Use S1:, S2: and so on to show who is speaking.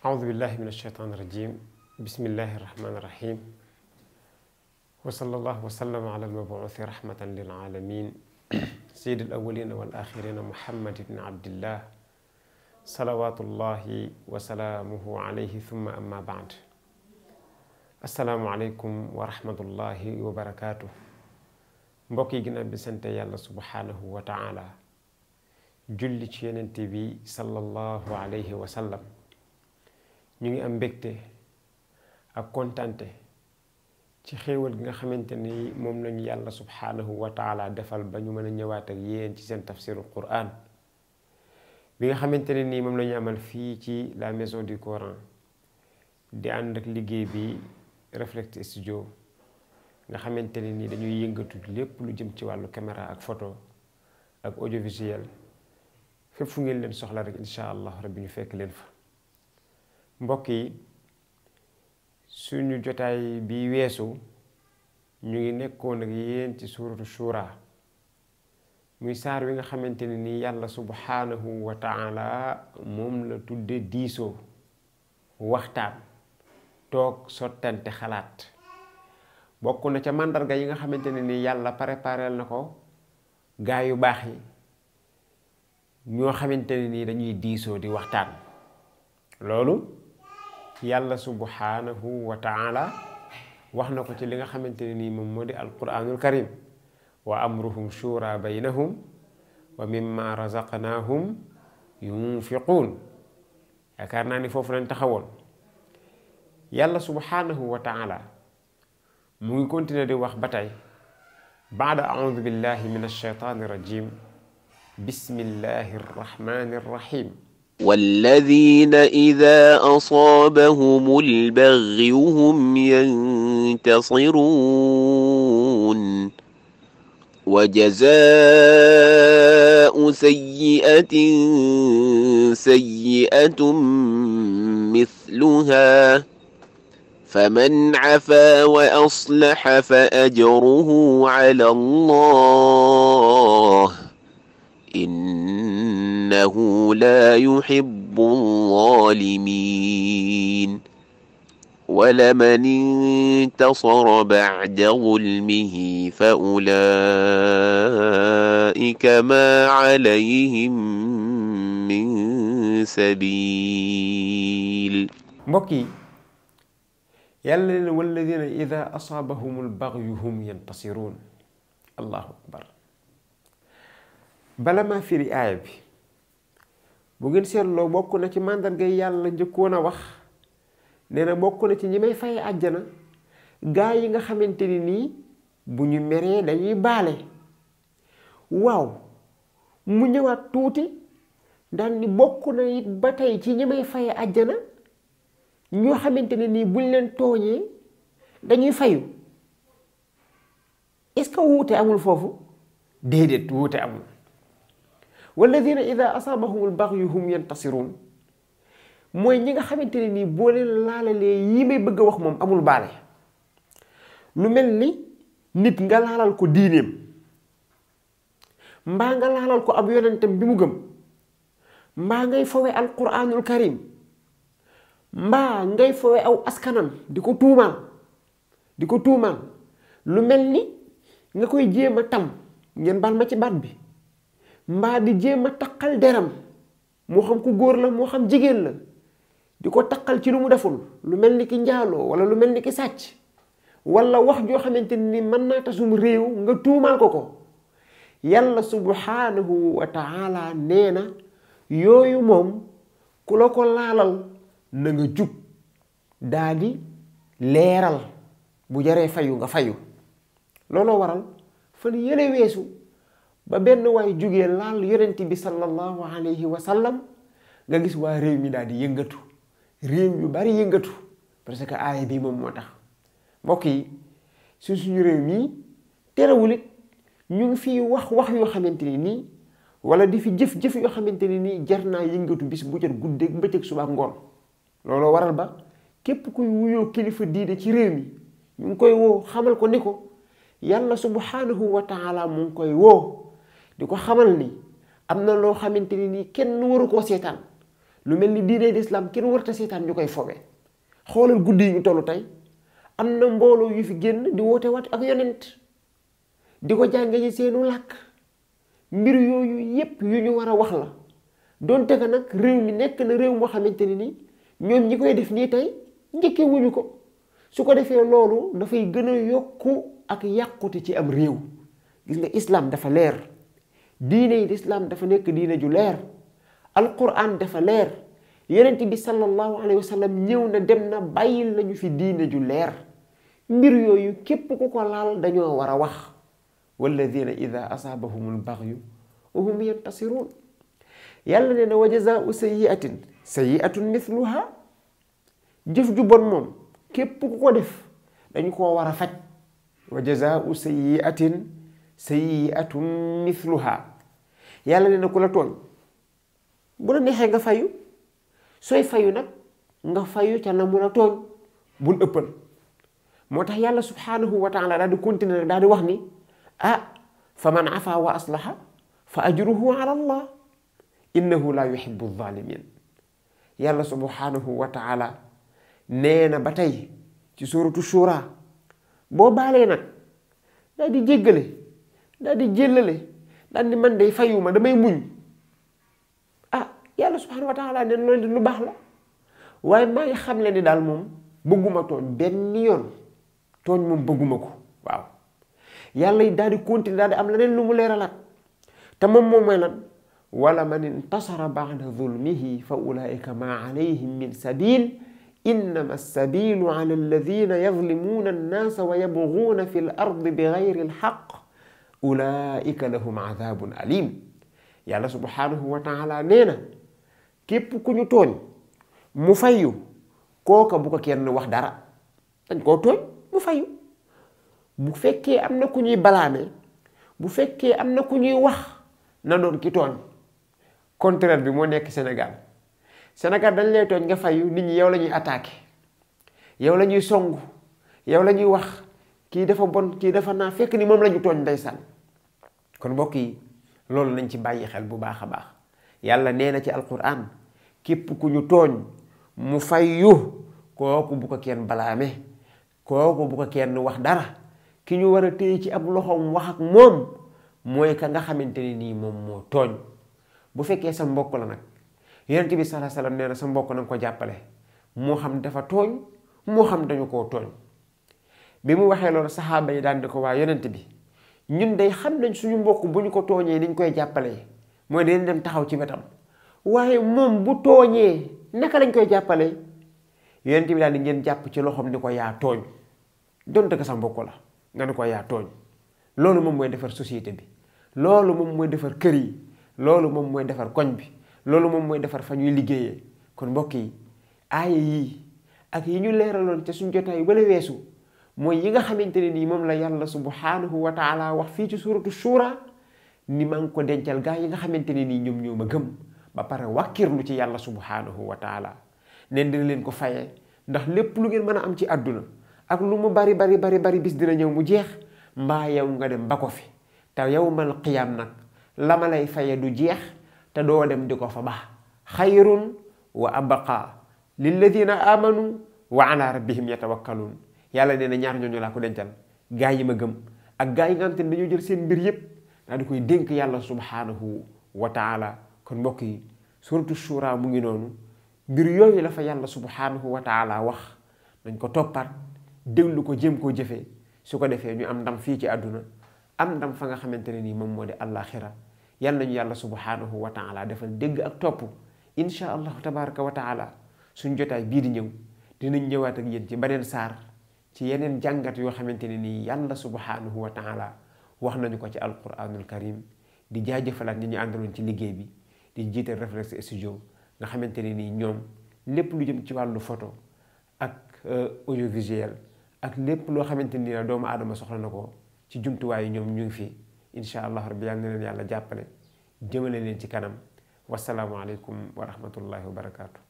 S1: أعوذ بالله من الشيطان الرجيم بسم الله الرحمن الرحيم وصلى الله وسلم على المبعوث رحمة للعالمين سيد الأولين والآخرين محمد بن عبد الله صلوات الله وسلامه عليه ثم أما بعد السلام عليكم ورحمة الله وبركاته mbokki ginnaaw بسنت يالله سبحانه وتعالى جل taala تبي صلى الله عليه وسلم ñu ngi am mbégte ak kontante ci xéewal gi nga xamante ni moom lañu yàlla subhanahu wa taala defal ba ñu mën a ñëwaat ak yéen ci seen tafsirul quran bi nga xamante ni nii moom la ñu amal fii ci la maison du coran di ànd ak liggéey bi Reflect Studio nga xamante ni dañuy yëngatu lépp lu jëm ci wàllu caméra ak photo ak audiovisuel fépp fu ngeen leen soxla rek incha allah rabbi ñu fekk leen fa mbokk yi suñu jotaay bi weesu ñu ngi nekkoon ak yéen ci suuratu shura muy saar wi nga xamante ne ni yàlla subhanahu wa taala moom la tudde diisoo waxtaan toog sottante xalaat bokk na ca màndarga yi nga xamante ne ni yàlla préparel na ko gaa yu baax yi ñoo xamante ne ni dañuy diisoo di waxtaan loolu يالله سبحانه وتعالى واحنا كنت لغا خمنتني من مودي القرآن الكريم وأمرهم شورى بينهم ومما رزقناهم ينفقون أكارناني فوفنا نتخول يالله سبحانه وتعالى مو كنت ندي واخ بعد أعوذ بالله من الشيطان الرجيم بسم الله الرحمن الرحيم والذين إذا أصابهم البغي هم ينتصرون وجزاء سيئة سيئة مثلها فمن عفا وأصلح فأجره على الله إنه لا يحب الظالمين ولمن انتصر بعد ظلمه فأولئك ما عليهم من سبيل مكي يلا والذين إذا أصابهم البغي هم ينتصرون الله أكبر بلا ما في رئابي bu ngeen seetloo bokk na ci màndarga yi yàlla njëkkoon a wax nee na bokk na ci ñi may fay àjjana gaa yi nga xamante ni nii bu ñu meree dañuy baale waaw mu ñëwaat tuuti daal ni bokk na it ba tey ci ñi may faye àjjana ñoo xamante ne nii buñ leen tooñee dañuy fayu est-ce que wuute amul foofu déedéet wuute amul walladina ida asaabahumul baxyu hum yantasiruun mooy ñi nga xamante ne nii boo leen laalalee yi may bëgg a wax moom amul baale lu mel ni nit nga laalal ko diineem mbaa nga laalal ko ab yonentam bi mu gëm mbaa ngay foowe fowe alquraanul karim mbaa ngay foowe aw askanam di ko tuumaal di ko tuumaal lu mel ni nga koy jéem a tam ngeen baal ma ci baat bi mbaa di jéem a taqal deram moo xam ku góor la moo xam jigéen la di ko taqal ci lu mu deful lu mel ni ki njaaloo wala lu mel ni ki sàcc walla wax joo xamante ni mën naa tasum réew nga tuumaal ko ko yàlla subhanahu wa taala nee na yooyu moom ku la ko laalal na nga jub daa di leeral bu jaree fayu nga fayu looloo waral fan yële ba benn waay jógee laal yonent ya bi sallallahu alayhi wa sallam nga gis wa réew mi di yëngatu réew yu bari yengatu parce que ay bi mom motax tax yi su suñu réew mii ñu ngi wax wax yo xamanteni ni wala di fi jëf-jëf yo xamanteni ni jarna yengatu bis bu gudde guddeeg bëccëg suba ngoon lolo waral ba kep ku wuyo kilifa diide ci réew mi ñu koy wo xamal ko niko yalla subhanahu wa taala mu koy wo di ko xamal ni am na loo xamante ni nii kenn waru koo seetaan lu mel ni diine lislaam kenn warta seetaan ñu koy fowe xoolal guddi yi ñu tollu tey am na mbooloo yu fi génn di woote wat ak yonent di ko jànge ci seenu làkk mbir yooyu yépp yu ñu war a wax la donte ka nag réew mi nekk na réew moo xamante ni nii ñoom ñi koy def nii tey njëkkee wuñu ko su ko defee loolu dafay gën a yokku ak yàqute ci am réew gis nga islam dafa leer diine yi lislaam dafa nekk diina ju leer alquran dafa leer yonent bi sallallahu alayhi wa ñëw na dem na bàyyil nañu fi diina ju leer mbir yooyu képp ku ko laal dañoo war a wax walladina ida asaabahum albaxyu wa hum yantasiruun yàlla nee na wa jazaau sayiatin sayiatun jëf ju bon moom képp ku ko def dañu ko war a faj wa jazaau sayiatin sayiatun mithluha yàlla nee na ku la tooñ bu la neexee nga fayu sooy fayu nag nga fayu ca na mun a tooñ bul ëppal moo tax yàlla subhanahu wa taala daal di continuer nag daal di wax ni ah fa man afa wa aslaha fa ajruhu ala allah innahu la yuhibbu zalimin yàlla subhanahu wa taala nee na ba tey ci suratu shura boo baalee nag daal di jéggale daal di jéllale daal man day fayuma damay muñ ah yàlla subhanahu wa taala ne lo lu bax la way ma ngi xam leni dal mom bëgguma toñ ben yoon toñ mom bëgguma ko waaw yàlla yi dal di continue dal di am leneen lu mu leralat te mom mom may lan wala man intasara ba'da dhulmihi fa ulaika ma alayhim min sabil إنما السبيل على الذين يظلمون الناس ويبغون في الأرض بغير الحق ulaika lahum adabun alim yàlla subhanahu wa taala nee na képp ku ñu tooñ mu fayu kooka bu ko kenn wax dara dañ koo tooñ mu fayu bu fekkee am na ku ñuy balaame bu fekkee am na ku ñuy wax na doon ki tooñ contraire bi moo nekk senegal senegal dañ lay tooñ nga fayu nit ñi yow la ñuy attaqué yow la ñuy song wax kii dafa bon kii dafa na fekk ni moom la togn ndaysan kon mbokk lolou loolu nañ ci bayyi xel bu baakha a baax yalla nee na ci alquran kep ku ñu togn mu fayyu ko bu ko kenn balaame kooku bu ko kenn wax dara ki ñu wara tey ci ab loxom wax ak mom moy ka nga xamanteni ni nii mo moo bu fekke sa mbokk la nak yonent bi sallallahu alayhi wasallam nee sa mbokk nang ko jappale mo xam dafa togn mo xam dañu ko togn bi mu waxee loolu saxaaba yi daan di ko waa yonent bi ñun day xam nañ suñu mbokk bu ñu ko tooñee ni koy jàppalee mooy dañu dem taxaw ci wetam waaye moom bu tooñee naka lañ koy jàppalee yonent bi daal di ngeen jàpp ci loxoom ni ko yaa tooñ donte ko sa mbokk la nga ni ko yaa tooñ loolu moom mooy defar société bi loolu moom mooy defar kër yi loolu moom mooy defar koñ bi loolu moom mooy defar fa ñuy liggéeyee kon mbokk yi aaya yii ak yi ñu leeraloon ca suñu jotaay wala weesu moy yi nga xamanteni ni mom la yalla subhanahu wa taala wax fi ci suratu shura ni man ko dencal ga yi nga xamanteni ni ñom ñoma gem ba pare lu ci yalla subhanahu wa taala ne dina leen ko fayé ndax lepp lu ngeen mëna am ci aduna ak lu mu bari bari bari bari bis dina ñew mu jeex mba yow nga dem ba ko fi te yawmal qiyam nak lama lay fayé du jeex te do dem diko fa ba wa abqa ladina amanu wa ala rabbihim yatawakkalun yàlla nee na ñaar ñooñu laa ko dencal gaa yi ma gëm ak gaa yi nga xam dañoo jël seen mbir yépp daa di koy dénk yàlla subhaanahu wa taala kon mbokk yi suratu shura mu ngi noonu mbir yooyu la fa yàlla subhaanahu wa taala wax dañ ko toppaat déglu ko jëm koo jëfe su ko defee ñu am ndam fii ci àdduna am ndam fa nga xamante ne nii moom moo di àllaaxira yal nañu yàlla subhaanahu wa taala defal dégg ak topp insha allah tabaraka wa taala suñ jotaay bii di ñëw dinañ ñëwaat ak yéen ci beneen saar ci yeneen jàngat yoo xamante ne nii yàlla subhanahu wa taala wax nañu ko ci alquranul karim di jaajëfalaat ñi ñu àndaloon ci liggéey bi di jiital Reflex Studio nga xamante ne nii ñoom lépp lu jëm ci wàllu photo ak euh, audiovisuel ak lépp loo xamante ni la doomu aadama soxla na ko ci jumtuwaayu ñoom ñu ngi fi incha allah rabbi yàlla na leen yàlla jàppale jëmale leen ci kanam wasalaamualeykum wa rahmatullahi wa